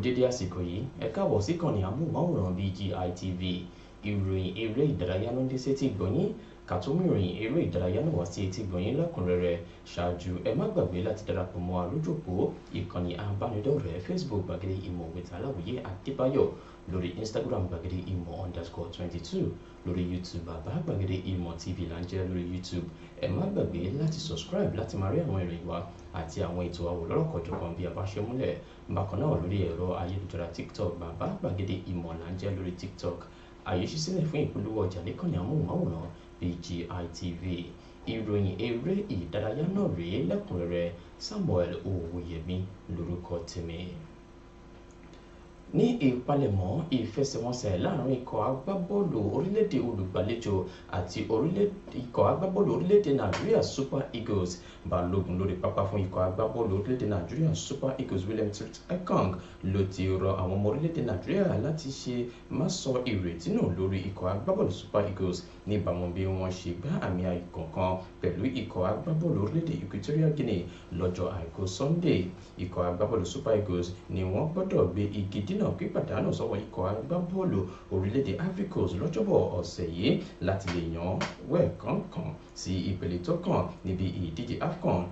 dédé àsìkò yìí ẹ káàbọ̀ sí kànnì amóhùnmáwòrán BGI TV ìròyìn eré ìdárayá ló ń dé sétí gbọ̀nyìn ká tó mú ìròyìn eré ìdárayá náà wá sí etí gbọ̀nyìn lẹ́kùnrẹ́rẹ́ ṣáájú ẹ má gbàgbé láti darapọ̀ mọ́ àlójòpó ìkànnì abánidọ́rẹ̀ẹ́ facebook gbàgede ìmọ̀ with aláwòye adébáyọ̀ lórí instagram gbàgede ìmọ̀ underscore twenty two lórí youtube bàbá gbàgede ìmọ̀ tv là ń jẹ́ lórí youtube ẹ má gbàgbé láti subscribe láti máa rí àwọn ìròyìn wa àti àwọn ètò àwòlọ́rọ̀ kọ̀jọ̀kan bí a bá ṣe múlẹ̀ bákan náà lórí ẹ̀rọ ayélujára tiktok bàbá gbàgede ìmọ̀ là ń jẹ́ lórí tiktok àyè ṣí BGI TV ìròyìn eré ìdárayá náà rèé lẹ́kùnrẹ́rẹ́ Samuel Owóyẹmí lórúkọ tèmi ní ìpalẹ̀mọ́ ìfẹsẹ̀wọnsẹ̀ láàrin ikọ̀ agbábọ́ọ̀lù orílẹ̀-èdè olùgbàlejò àti ikọ̀ agbábọ́ọ̀lù orílẹ̀-èdè Nàìjíríà Super Eagles Balógun lórí pápá fún ikọ̀ agbábọ́ọ̀lù orílẹ̀-èdè Nàìjíríà Super Eagles William Ekong ló ti rọ àwọn ọmọ orílẹ̀-èdè Nàìjíríà láti ṣe má sọ ìrètí nù lórí ikọ̀ agbábọ́ọ̀lù Super Eagles níbàámu bí wọ́n ṣe gbá àmì ayò kọ̀ọ̀kan pẹ̀lú ikọ̀ agbábọ́ọ̀lù orílẹ̀-èdè Equatorial Guinea lọ́jọ́ àìkú Sunday ikọ̀ agbábọ́ọ̀lù Super Eagles ni wọ́n gbọ́dọ̀ gbé igi dín dínà pípàdánù sọ́wọ́ ikọ̀ agbábọ́ọ̀lù orílẹ̀-èdè Ivory Coast lọ́jọ́bọ̀ ọ̀sẹ̀ yìí láti lè yàn wẹ́ẹ̀kọ̀ọ̀kan sí ìpele tó kàn níbi ìdíje AFCON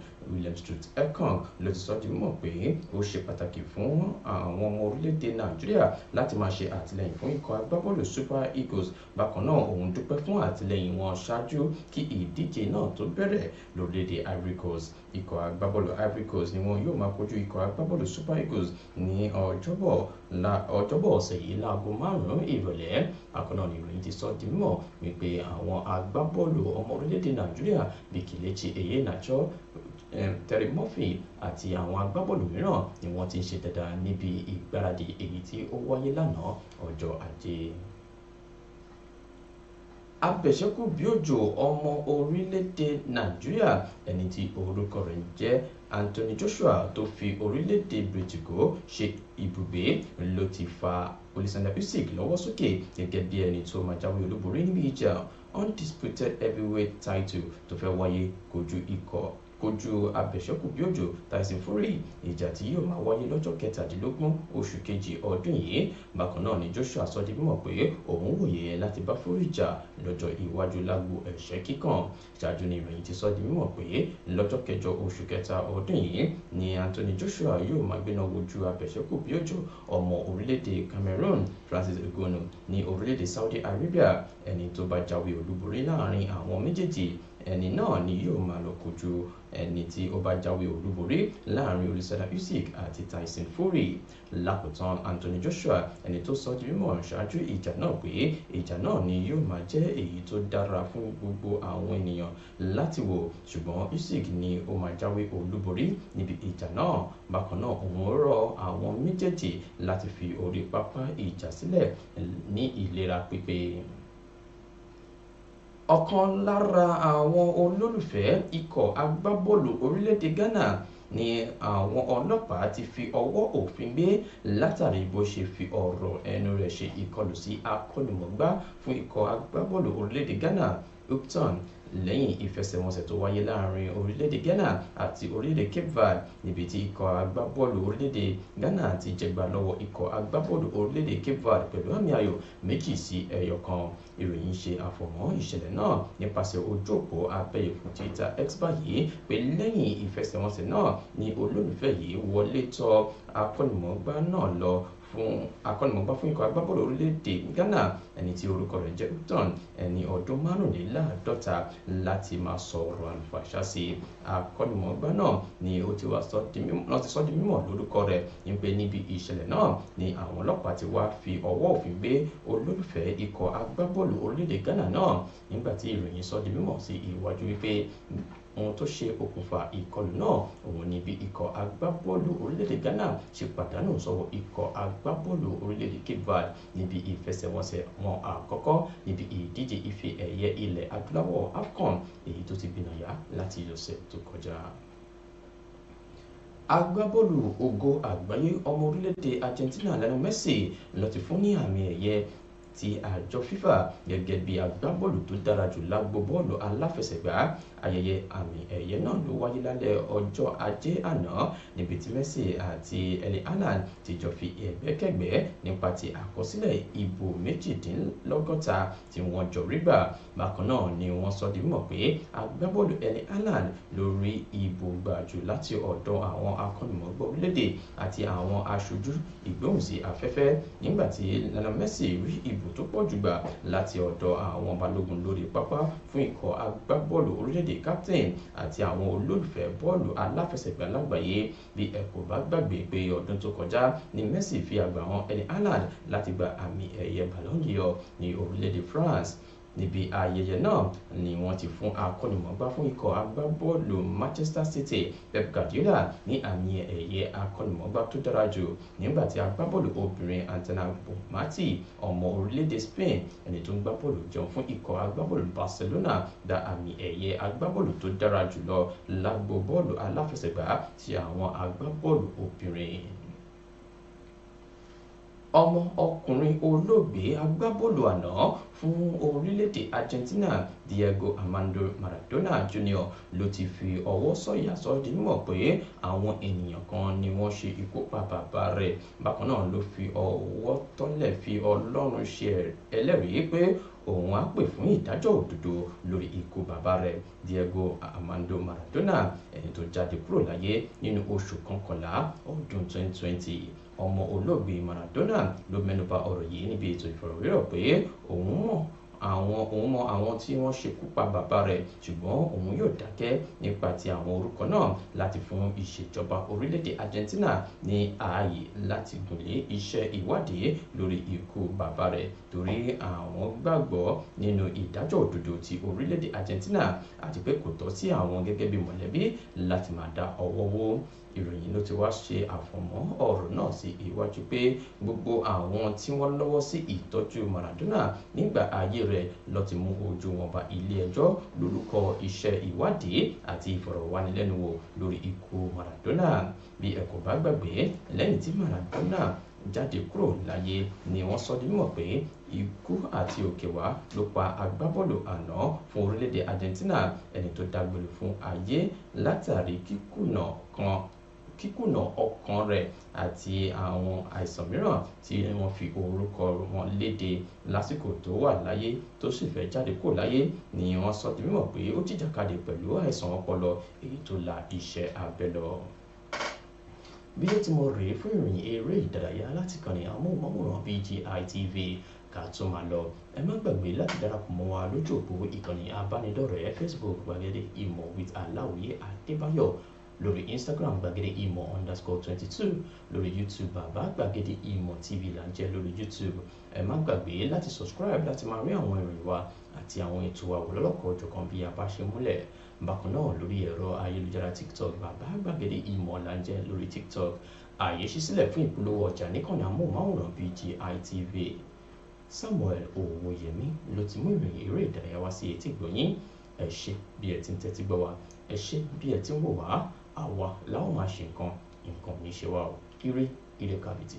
William Street Ekong ló ti sọ di mímọ̀ pé ó ṣe pàtàkì fún àwọn ọmọ orílẹ̀-èdè Nàìjíríà láti máa ṣe àtìlẹyìn fún ikọ̀ agbábọ́ọ̀lù Super Eagles bákan náà òun dúpẹ́ fún àtìlẹyìn wọn ṣáájú kí ìdíje náà tó bẹ̀rẹ̀ lórílẹ̀-èdè Ivory Coast ikọ̀ agbábọ́ọ̀lù Ivory Coast ni wọn yóò máa kojú ikọ̀ agbábọ́ọ̀lù Super Eagles ní ọjọ́bọ̀ la ọjọ́bọ̀ ọ̀sẹ̀ yìí láago márùn-ún ìrọ̀lẹ́ àkànnà ìròyìn ti sọ di mímọ̀ wípé àwọn agbábọ́ọ̀lù ọmọ orílẹ̀-èdè Nàìjíríà bíi Kelechi Iheanacho Terry Murphy àti àwọn agbábọ́ọ̀lù mìíràn ni wọ́n ti ń ṣe dáadáa níbi ìgbáradì èyí tí ó wáyé lánàá ọjọ́ Ajé abẹ̀ṣẹ́kù bí òjò ọmọ orílẹ̀-èdè nàìjíríà ẹni tí orúkọ rẹ̀ jẹ́ Anthony Joshua tó fi orílẹ̀-èdè bìrìtìkó ṣe ibùgbé ló ti fa Oleksandr Usyk lọ́wọ́ sókè gẹ́gẹ́ bí ẹni tó máa jáwé olúborí níbi ìjà undisputed heavyweight title tó fẹ́ wáyé kojú ikọ̀ kojú àbẹ̀ṣẹ́kù bí òjò Tyson Fury ìjà tí yóò máa wáyé lọ́jọ́ kẹtàdínlógún oṣù kejì ọdún yìí bákan náà ni Joshua sọ di mímọ̀ pé òun wòye láti bá Fury jà lọ́jọ́ iwájú lágbo ẹ̀ṣẹ́ kíkàn ṣáájú ni ìròyìn ti sọ di mímọ̀ pé lọ́jọ́ kẹjọ oṣù kẹta ọdún yìí ni Anthony Joshua yóò máa gbéná wojú àbẹ̀ṣẹ́kù bí òjò ọmọ orílẹ̀-èdè Cameroon Francis Ngannou ní orílẹ̀-èdè Saudi Arabia ẹni tó bá jáwé olúborí láàrin àwọn méjèèjì ẹni náà ni yóò máa lọ kojú ẹni tí ó bá jáwé olúborí láàrin Olúṣẹ́dá Usyk àti Tyson Fury lákòótán Anthony Joshua ẹni tó sọ di mímọ̀ ṣáájú ìjà náà pé ìjà náà ni yóò máa jẹ́ èyí tó dára fún gbogbo àwọn ènìyàn láti wò ṣùgbọ́n Usyk ni ó máa jáwé olúborí níbi ìjà náà bákan náà òun rọ àwọn méjèèjì láti fi orí pápá ìjà sílẹ̀ ní ìlera pípé ọ̀kan lára àwọn olólùfẹ́ ikọ̀ agbábọ́ọ̀lù orílẹ̀-èdè Ghana ni àwọn ọlọ́pàá ti fi ọwọ́ òfin gbé látàrí bó ṣe fi ọ̀rọ̀ ẹnu rẹ̀ ṣe ìkọlù sí akọ́nimọ̀ọ́gbá fún ikọ̀ agbábọ́ọ̀lù orílẹ̀-èdè Ghana Upton lẹ́yìn ìfẹsẹ̀wọnsẹ̀ tó wáyé láàrin orílẹ̀-èdè Ghana àti orílẹ̀-èdè Cape Verde níbi tí ikọ̀ agbábọ́ọ̀lù orílẹ̀-èdè Ghana ti jẹgbà lọ́wọ́ ikọ̀ agbábọ́ọ̀lù orílẹ̀-èdè Cape Verde pẹ̀lú àmì ayò méjì sí ẹyọ kan ìròyìn ṣe àfọ̀mọ́ ìṣẹ̀lẹ̀ náà nípasẹ̀ ojú òpó abẹ́yẹ̀fọ́ Twitter X báyìí pé lẹ́yìn ìfẹsẹ̀wọnsẹ̀ náà ni olólùfẹ́ yìí wọlé tọ akọ́nìmọ̀ọ́gbá náà lọ fún akọ́nimọ̀gbá fún ikọ̀ agbábọ́ọ̀lù orílẹ̀-èdè Ghana ẹni tí orúkọ rẹ̀ jẹ́ Uton ẹni ọdún márùnléláàádọ́ta láti máa sọ ọ̀rọ̀ àlùfàṣà sí akọ́nimọ̀gbá náà ni ó ti wá sọ di mímọ̀ lórúkọ rẹ̀ nípe níbi ìṣẹ̀lẹ̀ náà ni àwọn ọlọ́pàá ti wá fi ọwọ́ òfin gbé olólùfẹ́ ikọ̀ agbábọ́ọ̀lù orílẹ̀-èdè Ghana náà nígbà tí ìròyìn sọ di mímọ̀ sí iwájú wípé ohun tó ṣe okùnfà ìkọlù náà òun ni bí ikọ̀ agbábọ́ọ̀lù orílẹ̀-èdè Ghana ṣe pàdánù sọ́wọ́ ikọ̀ agbábọ́ọ̀lù orílẹ̀-èdè Cape Verde níbi ìfẹsẹ̀wọnsẹ̀ wọn àkọ́kọ́ níbi ìdíje ife ẹ̀yẹ ilẹ̀ adúláwọ̀ AFCON èyí tó ti gbìnàyà láti ọ̀sẹ̀ tó kọjá agbábọ́ọ̀lù ògo àgbáyé ọmọ orílẹ̀-èdè Argentina Lionel Messi ló ti fún ní àmì ẹ̀yẹ ti àjọ FIFA gẹ́gẹ́ bí agbábọ́ọ̀lù tó dára jù lágbo bọ́ọ̀lù aláfẹsẹ̀gbá ayẹyẹ àmì ẹ̀yẹ náà ló wáyé lálẹ́ ọjọ́ ajé àná níbi tí Messi àti Erling Haaland ti jọ fi ẹ̀gbẹ́kẹ̀gbẹ́ nípa ti àkọsílẹ̀ ìbò méjìdínlọ́gọ́ta tí wọ́n jọ rí gbà bákan náà ni wọ́n sọ di mímọ̀ pé agbábọ́ọ̀lù Erling Haaland ló rí ìbò gbà jù láti ọ̀dọ̀ àwọn akọ́nimọ̀ọ́gbá orílẹ̀-èdè àti àwọn aṣojú ìgbóhùnsí afẹ́fẹ́ nígbà tí Messi rí ìbò ìbò tó pọ̀ jù gbà láti ọ̀dọ̀ àwọn balógun lórí pápá fún ikọ̀ agbábọ́ọ̀lù orílẹ̀-èdè captain àti àwọn olólùfẹ́ bọ́ọ̀lù aláfẹsẹ̀gbá lágbàáyé bí ẹ kò bá gbàgbé pé ọdún tó kọjá ni Messi fi àgbà hàn Erling Haaland láti gba àmì ẹ̀yẹ Ballon d'Or ní orílẹ̀-èdè France níbi ayẹyẹ náà ni wọ́n ti fún akọ́nimọ̀ọ́gbá fún ikọ̀ agbábọ́ọ̀lù Manchester City Pep Guardiola ní àmì ẹ̀yẹ akọ́nimọ̀ọ́gbá tó dára jù nígbà tí agbábọ́ọ̀lù obìnrin Antena Bonmati ọmọ orílẹ̀-èdè Spain ẹni tó ń gbá bọ́ọ̀lù jẹun fún ikọ̀ agbábọ́ọ̀lù Barcelona da àmì ẹ̀yẹ agbábọ́ọ̀lù tó dára jùlọ lágbo bọ́ọ̀lù aláfẹsẹ̀gbá ti àwọn agbábọ́ọ̀lù obìnrin ọmọ ọkùnrin olóògbé agbábọ́ọ̀lù àná fún orílẹ̀-èdè Argentina Diego Amando Maradona Jr. ló ti fi ọwọ́ sọ̀yà sọ di mímọ̀ pé àwọn ènìyàn kan ni wọ́n ṣe ikú pa bàbá rẹ̀ bákan náà ló fi ọwọ́ tọ́lẹ̀ fi Ọlọ́run ṣe ẹlẹ́rìí pé òun á pè fún ìdájọ́ òdodo lórí ikú bàbá rẹ̀ Diego Amando Maradona ẹni tó jáde kúrò láyé nínú oṣù kọkànlá ọdún 2020 ọmọ olóògbé Maradona ló mẹ́nuba ọ̀rọ̀ yìí níbi ètò ìfọ̀rọ̀wérọ̀ pé òun mọ̀ àwọn òun mọ àwọn tí wọ́n ṣekú pa bàbá rẹ̀ ṣùgbọ́n òun yóò dákẹ́ nípa ti àwọn orúkọ náà láti fún ìṣèjọba orílẹ̀-èdè Argentina ní ààyè láti gùnlé iṣẹ́ ìwádìí lórí ikú bàbá rẹ̀ torí àwọn gbàgbọ́ nínú ìdájọ́ òdodo ti orílẹ̀-èdè Argentina àti pé kò tọ́ sí àwọn gẹ́gẹ́ bí mọ̀lẹ́bí láti máa da ọwọ́ ìròyìn ló ti wá ṣe àfọ̀mọ́ ọ̀rọ̀ náà sí iwájú pé gbogbo àwọn tí wọ́n lọ́wọ́ sí ìtọ́jú Maradona nígbà ayé rẹ̀ ló ti mú ojú wọn bá ilé ẹjọ́ lórúkọ iṣẹ́ ìwádìí àti ìfọ̀rọ̀wánilẹ́nuwò lórí ikú Maradona bí ẹ kò bá gbàgbé lẹ́yìn tí Maradona jáde kúrò láyé ni wọ́n sọ di mímọ̀ pé ikú àti òkè wá ló pa agbábọ́ọ̀lù àná fún orílẹ̀-èdè Argentina ẹni tó dágbére fún ayé látàrí kíkùnà kan kíkùnà ọkàn rẹ̀ àti àwọn àìsàn mìíràn tí wọ́n fi orúkọ wọn léde lásìkò tó wà láyé tó sì fẹ́ jáde kó láyé ni wọ́n sọ di mímọ̀ pé ó jìjàkadì pẹ̀lú àìsàn ọpọlọ èyí tó la iṣẹ́ abẹ lọ bí ó ti mọ rèé fún ìròyìn eré ìdárayá láti kàn ní amóhùnmáwòrán BGI TV ká tó máa lọ ẹ má gbàgbé láti darapọ̀ mọ́ wa lójú òpó ìkànnì abánidọ́rẹ̀ẹ́ Facebook gbàgede ìmọ̀ with aláwìyé adébáyọ̀ lórí instagram gbàgede ìmọ̀ underscore twenty two lórí youtube bàbá gbàgede ìmọ̀ tv là ń jẹ́ lórí youtube ẹ má gbàgbé láti subscribe láti máa rí àwọn ìròyìn wa àti àwọn ètò àwò lọ́lọ́kọ̀ ọ̀jọ̀kan bí a bá ṣe múlẹ̀ bákan náà lórí ẹ̀rọ ayélujára tiktok bàbá gbàgede ìmọ̀ là ń jẹ́ lórí tiktok ààyè ṣí sílẹ̀ fún ìpolówó ọjà níkànnì amóhùnmáwòrán BGI TV samuel owóyẹmí ló ti mú ìròyìn eré ìdárayá wá sí etí gbòyìn ẹ ṣé bí ẹ ti ń tẹ́tí gbọ́ wa ẹ ṣé bí ẹ ti ń wò wá àwa láwọn máa ṣe nǹkan nǹkan ò ní ṣe wá o ire ilẹ̀ kábìtì.